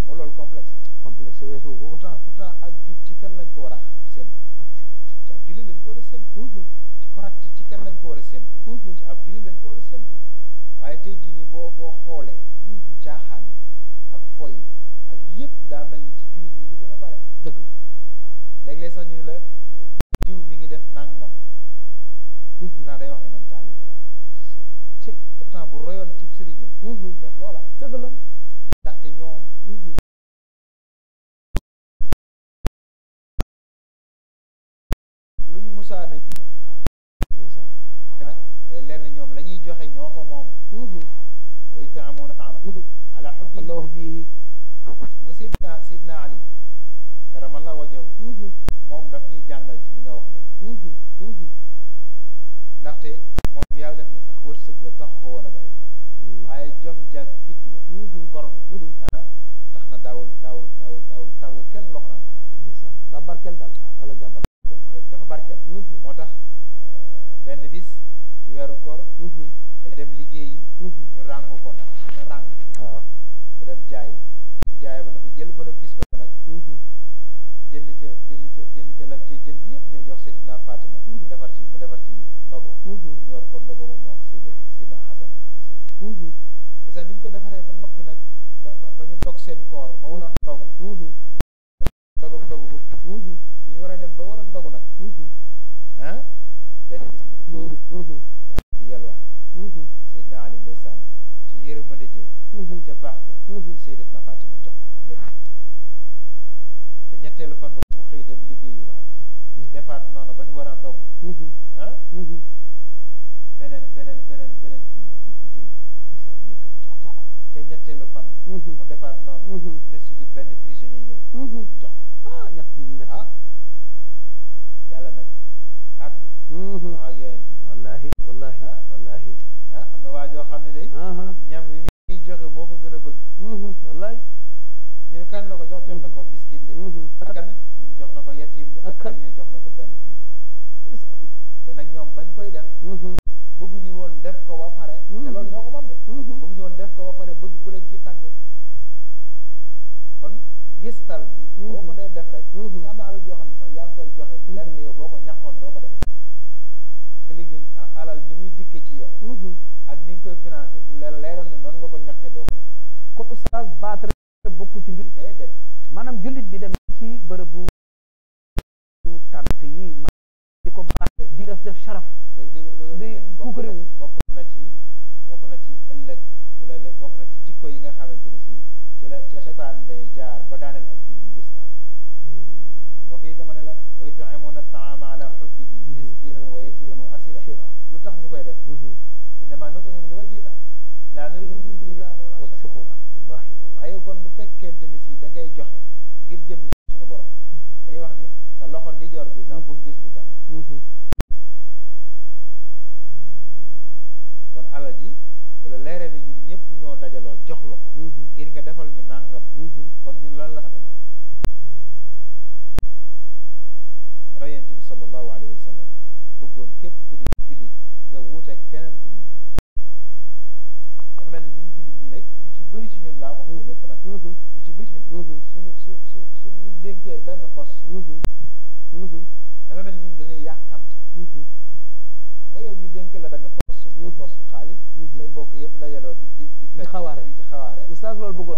nga loolu complexe la complexe weesu ko pour pourtant ak jub ci kan lañ ko war a séntu ab jullit ci ab jullit lañ ko war a séntu ci ci kan lañ ko war a séntu ci ab jullit lañ ko war a séntu waaye tey jii nii boo boo xoolee caaxaan yi ak foy bi ak yëpp daa mel ci jullit ñi li gën a bare dëgg la la jiw mi ngi def nangam mhm. pourtant day wax ne man ci pourtant bu royoon ci sëriñam mhm. def loola dëgg la ndaxte ñoom mhm. lu ñu musaa leer na ñoom la joxe ñoo ko moom wa yutaamuuna ala hubbi allah bihi mu sidna sidna ali la wajhahu mm-hmm. moom daf ñuy jàngal ci li nga wax léegi mm-hmm. Mm-hmm. ndaxte moom yàlla def na sax wërsëg wa tax ko woon a bari lool waaye jom jag fit wa ak gor ah, tax na daawul daawul daawul daawul tàll kenn loxo naan ko may daa barkeel daal wala daa barkeel dafa barkeel moo tax eh, benn bis ci weeru koor day dem liggéey mhm. ñu ràng ko nag am na ràng. waaw ah. mu dem jaay. su jaayee ba noppi jël bénéfice ba nag. Mhm. jënd ca jënd ca jënd ca lam cee jënd yëpp ñëw jox Seydina Fatima. Mhm. mu defar ci mu defar ci ndogo. pour ñu war ko ndogo moom moo ko Seydina Seydina Xasan ak Xuseen. ko defaree ba noppi nag ba ba ñu dog seen koor ba war a ndogu. ndogu ndogu bu ñu war a dem ba war a ndogu nag. Ah, yërmande jë mhm. ak ca baax ga mhm. Sayyidatna Fatima jox ko ko lépp ca ñetteelu fan ba mu xëy dem liggéeyiwaat mhm. defaat noonu ba ñu war a dogg ah beneen beneen beneen beneen kii ñëw njëriñ yëkkati jox ca ñetteelu fan ba mu defaat noonu ne su di benn prisonnier ñëw jox ko ah, ah yàlla nag addu kan na ko jox jox na ko miskin mm-hmm. de mm-hmm. ak kan ñu jox na ko yetim de ak kan ñu jox na ko benn te nag ñoom bañ koy def mm-hmm. bëgguñu woon def ko ba pare te loolu ñoo ko moom de bëgguñu woon def ko ba pare bëgg ku leen ci tagg kon gistal bi boo ko dee def rek parce que am na alal yoo xam ne sax yaa ngi koy joxe leer nga yow boo ko ñàkkoon doo ko defee parce que léegi alal ñu muy dikke ci yow ak ni nga koy financé bu la leeroon ne noon nga ko ñàkkee doo ko defee kon oustaz Ba bokkul ci mbir déedéet maanaam jullit bi dem ci bërëbu tànt yi ma di ko baax di def def sharaf di puukariwu bokk na ci bokk na ci ëllëg wala bokk na ci jikko yi nga xamante ne si ci la ci la seetaan day jaar ba daaneel ak jullit ngis tal ba fii dama ne la wa yutimuuna taama ala xubbihi miskinan wa yatiman wa asira lu tax ñu koy def innamaa nut'imukum li wajhi llah kon bu fekkente ni si dangay joxe ngir jëmmi suñu borom dañuy wax ni sa loxo ndijoor bi sax gis bu jàmm kon alal ji bala la leeree ni ñun ñëpp ñoo dajaloo jox la ko ngir nga defal ñu nàngam kon ñu lan la sant royente bi sallallahu alayhi wa bëggoon képp ku di jullit nga wuute keneen ku di jullit dafa mel ni ñun jullit ñi rek bëri ci ñun laa wax ko ñëpp nag mm-hmm. ñu ci bëri ci ñun mm-hmm. su su suñu dénkee benn poste mm-hmm. dama mel ñun dañuy yàkkamti xam nga yow ñu dénk la benn poste poste xaalis say mbokk yëpp dajaloo la ko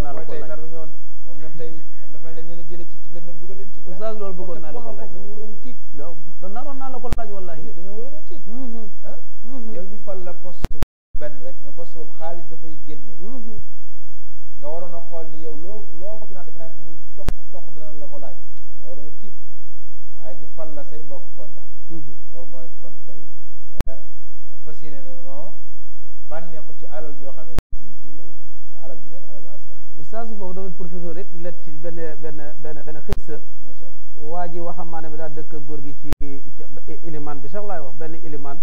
laaj naru ñoon moom ñoom tey dafa la ñeen a jële ci lëndëm dugal leen ci oustaz loolu bëggoon naa la ko laaj dañu waroon a tiit naroon naa la ko laaj wallahi dañoo waroon a tiit ah? fal la poste benn rek nga poste xaalis dafay génne bokk kontaan mhm. loolu mooy kon tey eh, fas yéene na noo bànneexu ci alal yoo xam ne si léw te alal gi nag alal askan oustaz boobu damay profité rek let ci benn benn benn benn xissa waa ji waxambaane bi daal dëkk góor gi ci iliman bi sax laay wax benn iliman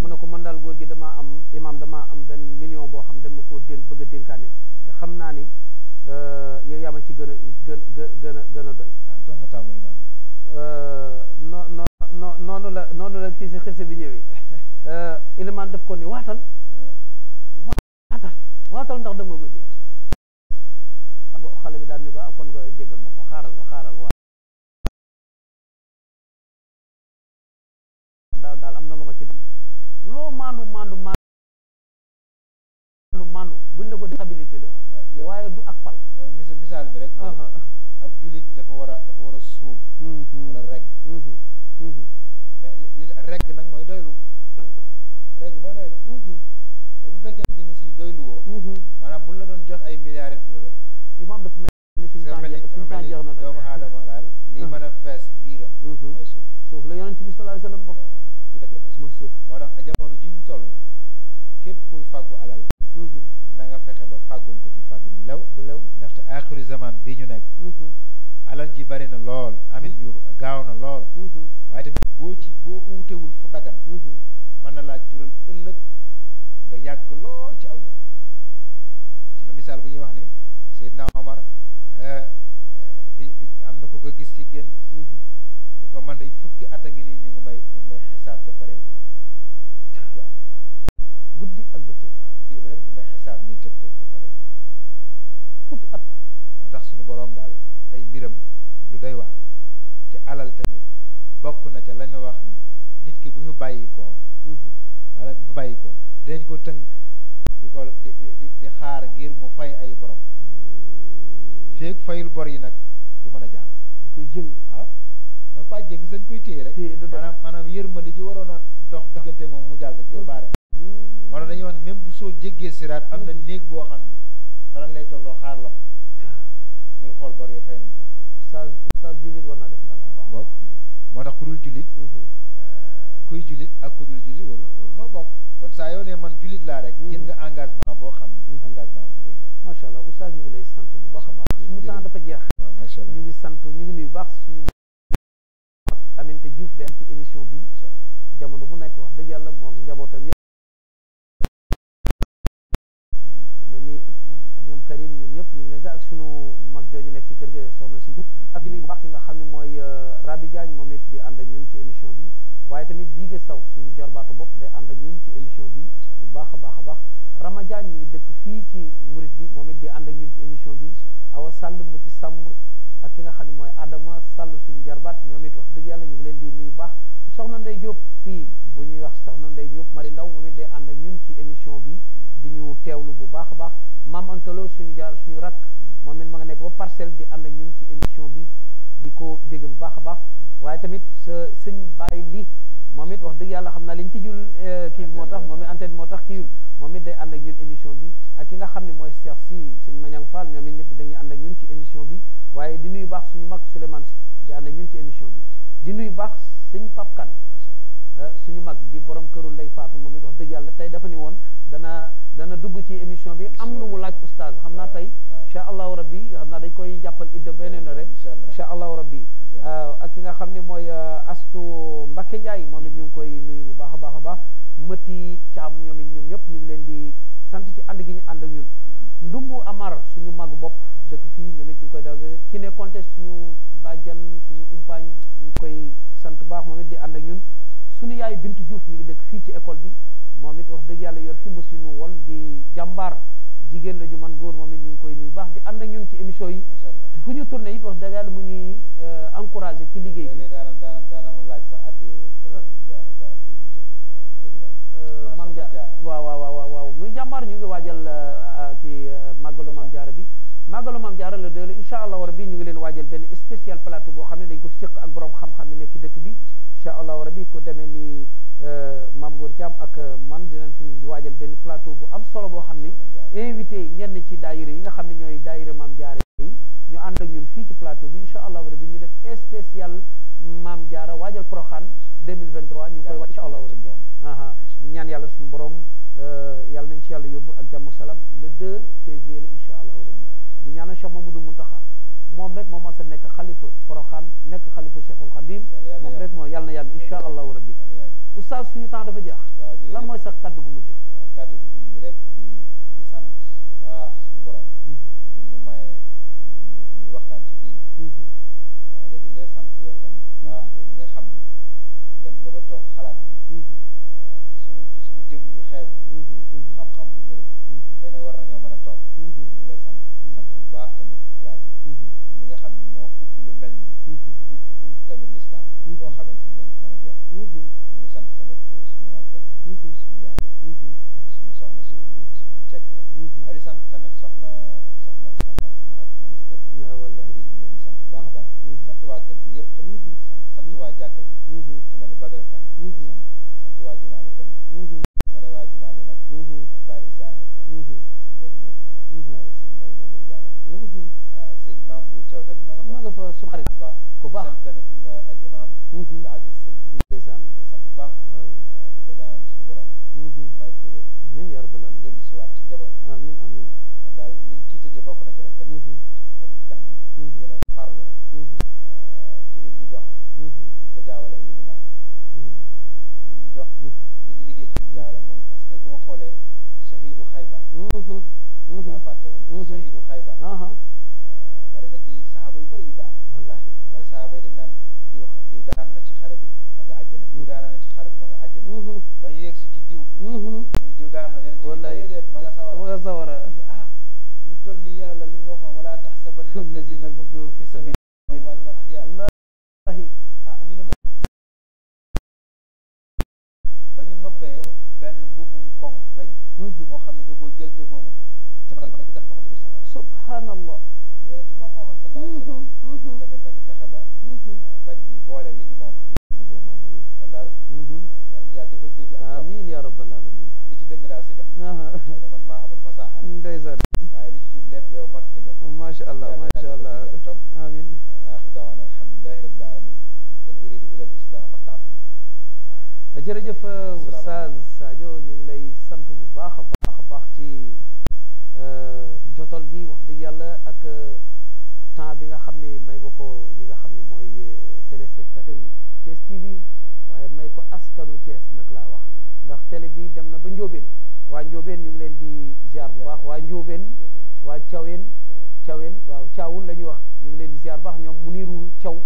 mu na ko mën daal góor gi damaa am imam damaa am benn million boo xam dama koo dénk bëgg a dénkaane te xam naa ni eh, yow yaa ci gën a gën gën a gën a doy ah, bi ñëwee euh, ilimaan daf ko ni waatal waatal waatal ndax dama ko bi ah, daal am na lu ma ci loo maandu maandu maandu maandu buñ la ko déstabilité la ah, waaye du ak pal mooy misaal bi rek uh-huh. ab jullit dafa war a dafa war a suub mm-hmm. war rek mm-hmm. doylu mhm. te bu fekkente ni si doylu woo mhm. maanaam bu la doon jox ay milliards du doy imaam dafa mel ni suñu temps jeex na doomu aadama daal li ah. mën a fees biiram mhm. mooy suuf suuf la yonent bi sallallahu alayhi wasallam wax mooy moo tax jamono ji ñu sol na képp kuy fàggu alal na nga fexe ba fàggoon ko ci fàggun bu lew bu lew ndaxte aaxiru zaman bii ñu nekk alal ji bari na lool amin bi gaaw na lool waaye tamit boo ci boo wutewul fu dagan mën na laa jural ëllëg nga yàgg lool ci aw yoon am na misaal bu ñuy wax ni Seydina Omar bi am na ko ko gis ci gént ni ko man day fukki at a ngi nii ñu ngi may ñu ngi may xisaab te pareegu ma fukki at guddi ak bëccëg waaw guddi ba ñu may xisaab nii tëb tëb te pareegu fukki at moo tax suñu borom daal ay mbiram lu doy waar te alal tamit bokk na ca la wax ni nit ki bu fi bàyyi koo mm-hmm. wala bu fi bàyyi koo dinañ ko tënk di ko di di xaar ngir mu fay ay borom mm-hmm. feeg fayul bor yi nag du mën a jàll dañ koy jëng waaw non pas jëng dañ koy téye rek maanaam ma yërmande ji waroon a dox diggante moom mu jàll dañ koy mm-hmm. dañuy wax ne même bu soo jéggee siraat am na néeg boo xam ne lay toogloo xaar la ko xool bor fay nañ ko sag sag jullit war naa def moo tax ku dul jullit kuy julit ak ku julit waru warunoo bokk kon saa yoo ne man julit laa rek jël nga mhm. engagement boo xam ne engagement bu rëy la macha allah oustaz ñu Santo lay sant bu baax baax suñu temps dafa jeex allah ñu ngi sant ñu ngi nuyu baax suñu ak Aminata Diouf de ci émission bi jamono bu nekk wax dëgg yàlla moom njabootam yëpp hmm. Karim ñoom ñëpp ñu ngi leen sax ak suñu mag jooju nekk ci kër ga soxna si Diouf ak ñu nuyu baax ki nga xam euh, Rabi di ànd ak ñun ci émission bi waaye tamit bii nga saw suñu jarbaatu bopp day ànd ak ñun ci émission bi bu baax a baax a baax Rama Diagne mi ngi dëkk fii ci murit gi moom it di ànd ak ñun ci émission bi Awa Sall Muti Samb ak nga xam ne mooy Adama Sall suñu jarbaat ñoom it wax dëgg yàlla ñu ngi leen di nuyu baax soxna Ndey Diop fii bu ñuy wax soxna Ndey Diop mari ndaw moom it day ànd ak ñun ci émission bi di ñu teewlu bu baax a baax maam Antalo suñu jaar suñu rakk moom it ma nga nekk ba parcelle di ànd ak ñun ci émission bi di ko bégg bu baax a baax waaye tamit sa sëñ bàyyi lii moom it wax dëgg yàlla xam naa liñ tijjul eh, kii bi moo tax moom it antenne moo tax kiiwul moom it day ànd ak ñun émission bi ak ki nga xam ne mooy Cheikh si sëñ Mañang Fall ñoom it ñëpp dañuy ànd ak ñun ci émission bi waaye di nuyu baax suñu mag Souleymane si di ànd ak ñun ci émission bi di nuyu baax sëñ Pape Euh, suñu mag di borom këru Ndey Faatu moom it wax dëgg yàlla tey dafa ni woon dana dana dugg ci émission bi am lu mu laaj oustaz xam naa tey incha allahu rabbi xam naa dañ koy jàppal idda beneen rek incha allahu rabbi euh, ak ki nga xam ni mooy euh, astu Mbakke Njaay moom it ñu ngi koy nuyu bu baax a baax a baax mëtti caam ñoom it ñoom ñëpp ñu ngi leen di sant ci ànd gi ñu ànd ak ñun mm-hmm. ndumbu amar suñu mag bopp dëkk fii ñoom it ñu ngi koy dagg ki ne conté suñu bàjjan suñu umpaañ ñu ngi koy sant baax moom di ànd ak ñun suñu yaay bint Diouf mi ngi dëkk fii ci école bi moom it wax dëgg yàlla yor fi machine wol di jàmbaar jigéen la ñu man góor moom it ñu ngi koy nuyu baax di ànd ak ñun ci émission yi fu ñu tourné it wax dëgg yàlla mu ñuy euh, encouragé ci liggéey bi maam euh, Jaara euh, waaw waaw waaw waaw muy jàmbaar ñu ngi waajal kii màggalu maam Jaara bi màggalu maam Jaara la dëgg la incha allah war bi ñu ngi leen waajal benn spécial plateau boo xam ne dañ ko séq ak borom xam-xam yi nekk dëkk bi incha allahu rabi ko demee nii euh, Mame Goor jaam ak euh, man dinañ fi waajal benn plateau bu am solo boo xam ni invité ñenn ci daayira yi nga xam ne ñooy daayira maam Diarra yi ñu ànd ak ñun fii ci plateau bi incha allahu rabi ñu def spécial maam jaara waajal Porokhane 2023 ñu koy wax incha allahu rabi ñaan yàlla suñu borom euh, yàlla nañ ci yàlla yóbbu ak jàmm ak salaam le 2 février la incha allahu rabi di ñaanal Cheikh Mamadou Mountakha mom rek moom mas nek khalifa xalifa nek khalifa Cheikhul Khadim mom rek mo yalla na insha allah allahu rabbi oustaz suñu temps dafa jeex lan moy sax kaddu gu mujj kaddu gu mujj rek di di sante bu baax suñu borom bi mm-hmm. ñu maye ñuy waxtan ci diin mm-hmm. waaye da di le sante yow tamit bu baax yow mi nga xam dem nga ba tok xalaat bi mm-hmm. eh, ci suñu ci suñu jëm ju xew suñu xam-xam bu néew xëy war nañu mëna tok alaaji moom mi nga xam ne moo ubbi lu mel nii ubbil fi buntu tamit lislaam boo xamante ni dañ fi mën a jox waaw ñu ngi sant tamit suñu waa kër suñu yaay sant suñu soxna suñu soxna cekk waaye di sant tamit soxna soxna sama sama rakk man ci kër gi ñu ngi leen di sant bu baax a baax sant waa kër gi yëpp tamit sant sant waa jàkka ji ci mel ni Badara Kane sant sant waa jumaa ji tamit ku baax tamit ji wax dëgg yàlla ak euh, temps bi nga xam ne may nga ko ñi nga xam ni mooy euh, téléspectateur Thiès TV waaye may ko askanu Thiès nag laa wax ndax télé bi dem na ba Ndiobène waa Ndiobène ñu ngi leen di ziar bu baax waa Ndiobène waa Thiawène Thiawène waaw Thiawun la ñuy wax ñu ngi leen di ziar baax ñoom mu niiru Thiaw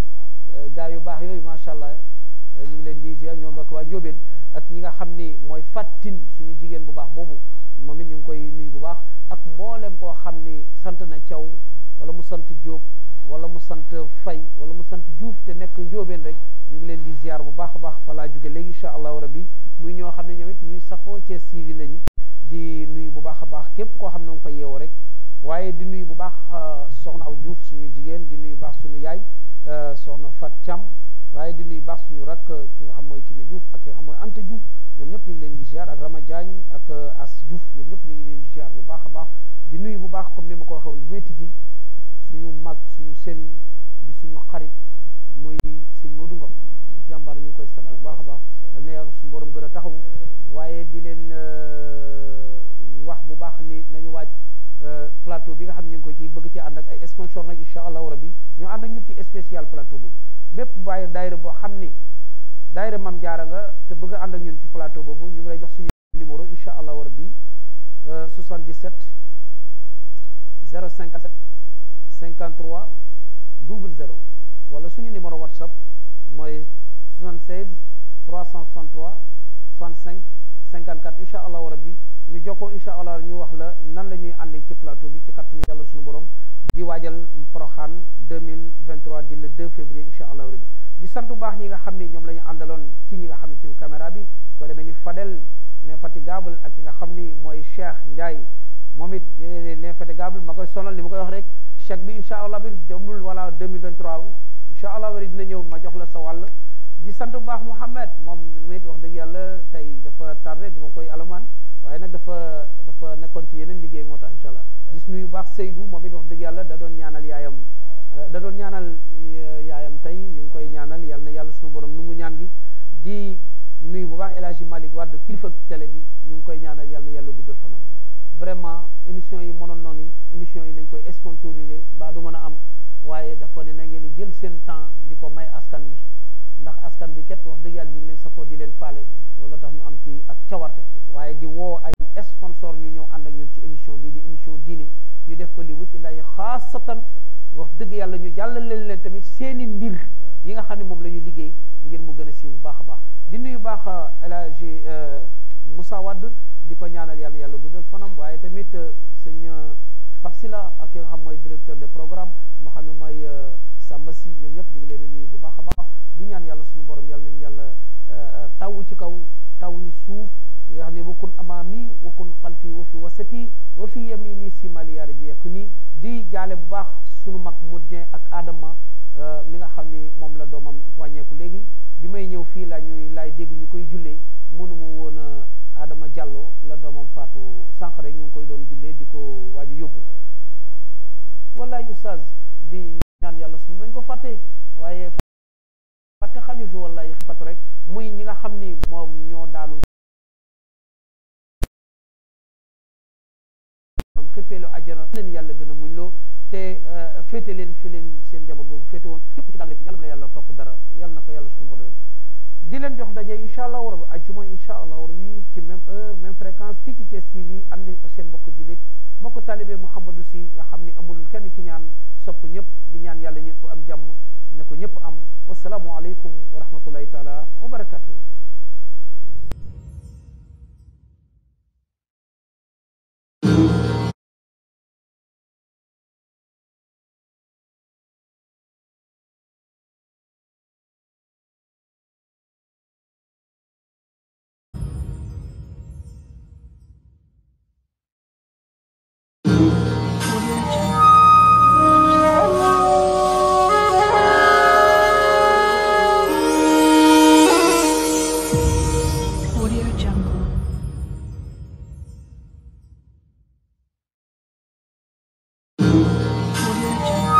euh, gaa yu baax yooyu macha allah ñu ngi leen di ziar ñoom ak waa Ndiobène ak ñi nga xam ni mooy fàttin suñu jigéen bu baax boobu moom it ñu ngi koy nuyu bu baax ak mbooleem koo xam ni sant na caw wala mu sant jóob wala mu sant fay wala mu sant Diouf te nekk njóobeen rek ñu ngi leen di ziar bu baax a baax fa laa jóge léegi incha allahu rabbi muy ñoo xam ne ñoom it ñuy safoo Thiès TV lañu di nuyu bu baax a baax képp koo xam ne nga fa yeewoo rek waaye di nuyu bu baax euh, soxna aw juuf suñu jigéen di nuyu baax suñu yaay euh, soxna Fat Thiam waaye di nuyu baax suñu rak ki nga xam mooy Kiné Diouf ak ki nga xam mooy Anta ñoom ñëpp ñu ngi leen di ziar ak Rama Diagne ak euh, As Diouf ñoom ñëpp ñu ngi leen di bu baax a baax di nuyu bu baax comme ni ma ko waxee woon wéeti ji suñu mag suñu sëriñ di suñu xarit muy sëñ Modou Ngom jàmbaar ñu koy sant bu baax a baax dal na yàgg suñu gën a taxawu waaye di leen euh, wax bu baax ni nañu waaj euh, plateau bi nga xam ñu ngi koy kii bëgg ci ànd ak ay sponsor nag incha allahu rabi ñu ànd ak ñu ci spécial plateau boobu bépp bàyyi daayira boo xam ni daayira Maam Jaara nga te bëgg ànd ak ñun ci plateau boobu ñu ngi lay jox suñu numéro incha allahu rabbi euh, 77 057 53 00 wala suñu numéro whatsapp mooy 76 363 65 54 incha allahu rabbi ñu jokkoo incha allah ñu wax la nan la ñuy ànd ci plateau bi ci kattanu yàlla suñu borom di waajal Porokhane 2023 di le 2 février incha allahu rabbi di sant bu baax ñi nga xam ni ñoom la ñu àndaloon ci ñi nga xam ne ci caméra bi ko demee ni Fadel l'infatigable ak ki nga xam ni mooy Cheikh Ndiaye moom it l'infatigable ma koy sonal ni ma koy wax rek chèque bi incha allah bi jëmbul wala 2023 incha allah wari dina ñëw ma jox la sa di sant bu baax Mouhamed moom it wax dëgg yàlla tey dafa tardé dama koy alamaan waaye nag dafa dafa nekkoon ci yeneen liggéey moo tax incha allah di nuyu baax Seydou moom it wax dëgg yàlla da doon ñaanal yaayam Eh, da doon ñaanal eh, yaayam tey ñu ngi koy ñaanal yal na yàlla suñu borom nungu ñaan gi di nuyu bu baax El Hadji Malick Wade kilifa tele bi ñu ngi koy ñaanal yal na yàlla guddal fanam vraiment émission yi mënoon ni émission yi nañ koy sponsorisé ba du mën a am waaye dafa ne na ngeen jël seen temps di ko may askan bi ndax askan bi kat wax dëgg yàlla ñu ngi leen sa safoo di leen faale loolu tax ñu am ci ak cawarte waaye di woo ay sponsor ñu ñëw ànd ak ñun ci émission bii di émission diine ñu def ko li wëcc lay xaasatan wax dëgg yàlla ñu jàllaleel leen tamit seeni mbir yi nga xam ne moom la ñu liggéey ngir mu gën a siiw bu baax a baax di nuyu baax El Hadj Moussa Wade di ko ñaanal yàlla yàlla guddal fanam waaye tamit sëñ Pape Sila ak ki nga xam mooy directeur de programme moo xam ne mooy Samba Si ñoom ñëpp ñu ngi leen di nuyu bu baax a baax di ñaan yàlla suñu borom yàlla nañu yàlla taw ci kaw taw ñu suuf yaa ne wakun amaami wakun xalfi wa fi wasati wa fi yamini si maliyaar ji yekku nii di jaale bu baax sunu mag Modou Dieng ak Adama euh, mi nga xam ni moom la doomam wàññeeku léegi bi may ñëw fii la ñuy laay dégg ñu koy jullee mënuma woon a Adama Diallo la doomam faatu sànq rek ñu koy doon jullee di ko waaju yóbbu wallaay oustaz di ñaan yàlla sunu dañ ko fàtte waaye fàtte xaju fi wallaay fàttu rek muy ñi nga xam ni moom ñoo daanu xippeelu àjjana leen yàlla gën a muñ te euh, féete leen fi leen seen njaboot boobu féete woon képp ci dal rek yàlla na yàlla dara yàlla na ko yàlla suñu borom di leen jox daje incha allah war a ajjuma incha allah war wi ci même heure même fréquence fii ci Thiès TV ànd ak seen mbokk jullit mbokk talibé Mouhamadou Sy nga xam ne amul kenn ki ñaan sopp ñëpp di ñaan yàlla ñëpp am jàmm na ko ñëpp am wasalaamu aleykum wa rahmatullahi taala